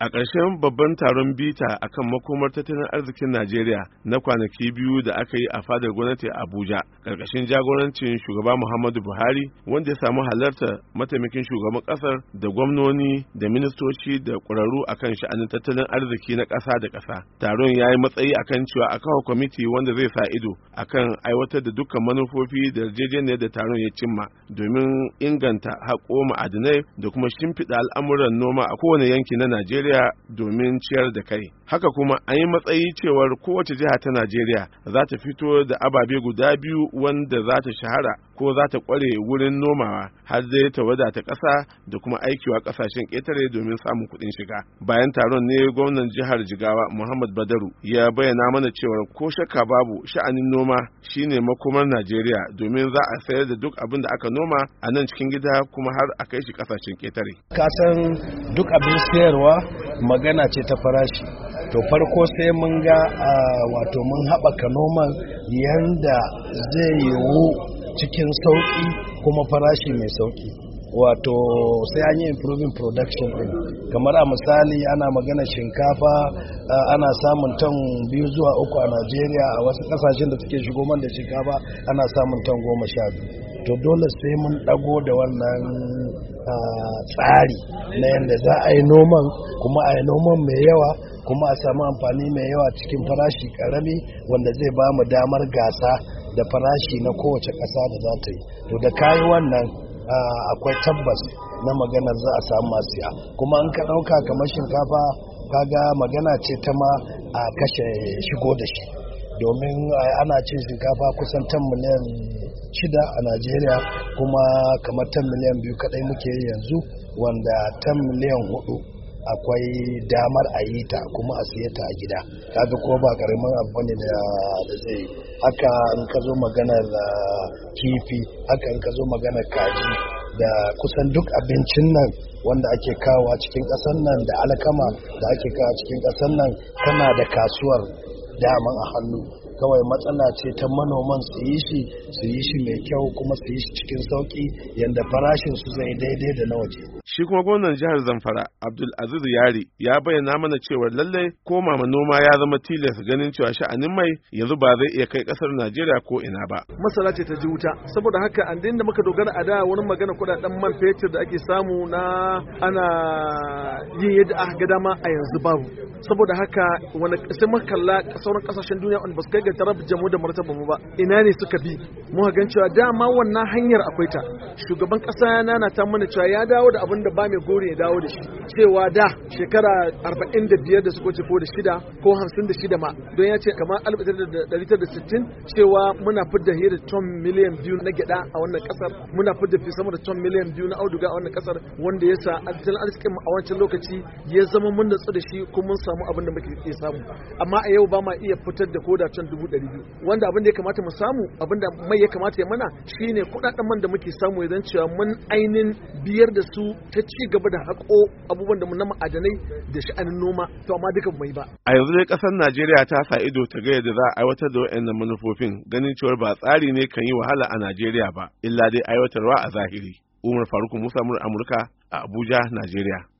a ƙarshen babban taron bita akan makomar tattalin arzikin najeriya na kwanaki biyu da aka yi a fadar gwamnati a abuja ƙarƙashin jagorancin shugaba muhammadu buhari wanda ya samu halarta mataimakin shugaban ƙasar da gwamnoni da ministoci da ƙwararru akan sha'anin tattalin arziki na ƙasa da ƙasa taron ya yi matsayi a kan cewa a kawo kwamiti wanda zai sa ido a kan aiwatar da dukkan manufofi da yarjejeniyar da taron ya cimma domin inganta haƙo ma'adinai da kuma shimfiɗa al'amuran noma a kowane yanki na najeriya Najeriya domin ciyar da kai. Haka kuma an yi matsayi cewar kowace jiha ta Najeriya za ta fito da ababe guda biyu wanda za ta shahara ko za ta kware wurin nomawa har zai ta wadata ƙasa da kuma aikiwa ƙasashen ƙetare domin samun kuɗin shiga bayan taron ne gwamnan jihar jigawa muhammad badaru ya bayyana mana cewa ko shakka babu sha'anin noma shine makomar najeriya domin za a sayar da duk abin da aka noma a nan cikin gida kuma har a kai shi ƙasashen ƙetare ka san duk abin sayarwa magana ce ta farashi to farko sai mun ga ah, wato mun haɓaka noman yanda zai yiwu cikin sauki kuma farashi mai sauƙi wato sai an yi improving production din kamar a misali ana magana shinkafa ana samun tan biyu zuwa uku a najeriya a wasu kasashen da suke shigo man da shinkafa ana samun tan goma sha biyu to dole sai mun dago da wannan tsari na yadda za a yi noman kuma a yi noman mai yawa kuma a samu amfani mai yawa cikin farashi karami wanda zai ba mu damar gasa da farashi na kowace ƙasa da za ta yi to da kayi wannan akwai tabbas na maganar za a samu masu ya kuma in ka ɗauka kamar shinkafa kaga magana ce ta ma a kashe shigo da shi domin ana cin shinkafa kusan 10 miliyan shida a najeriya kuma kamar 10 miliyan biyu kadai muke yanzu wanda 10 miliyan hudu akwai damar a yi ta kuma a siye ta a gida kaga ko ba karamin abu ne da zai haka in ka zo maganar ah, kifi haka in ka zo maganar kaji da kusan duk abincin nan wanda ake kawo cikin ƙasar nan da alkama da ake kawo cikin ƙasar nan tana da kasuwar daman a hannu kawai matsala ce ta manoman su yi shi su yi shi mai kyau kuma su yi shi cikin sauƙi yadda farashin su zai daidai da na waje shi kuma gwamnan jihar zamfara abdul aziz yari ya bayyana mana cewar lallai mama noma ya zama tilas ganin cewa sha'anin mai yanzu ba zai iya kai kasar najeriya ko ina ba masala ce ta ji wuta saboda haka an da muka dogara a da wani magana kudaden man fetur da ake samu na ana yin yadda a ga dama a yanzu babu saboda haka wani sai muka kalla sauran kasashen duniya wanda ba su kai ga tarabta mu da martaba mu ba ina ne suka bi mu gan cewa dama wannan hanyar akwai ta shugaban kasa yana ta mana cewa ya dawo da abin da aka ba mai gori ya dawo da shi cewa da shekara 45 da suka ce ko da shida ko 56 ma don ya ce kamar 1960 cewa muna fidda hira ton miliyan biyu na gyada a wannan kasar muna fidda fi sama da ton miliyan biyu na auduga a wannan kasar wanda ya sa tattalin arzikin a wancan lokaci ya zama mun natsu da shi kuma mun samu abin da muke iya samu amma a yau ba ma iya fitar da koda can dubu ɗari biyu wanda abin da ya kamata mu samu abin da mai ya kamata ya mana shine kuɗaɗen man da muke samu idan cewa mun ainin biyar da su ta ta ci gaba da haƙo abubuwan da na ma'adanai da sha'anin noma to amma duka mai ba a yanzu dai ƙasar Najeriya ta sa ido ta ga yadda za a aiwatar da waɗannan manufofin ganin cewa ba tsari ne kan yi wahala a Najeriya ba illa dai aiwatarwa a zahiri Umar Faruk Musa Amurka a Abuja Najeriya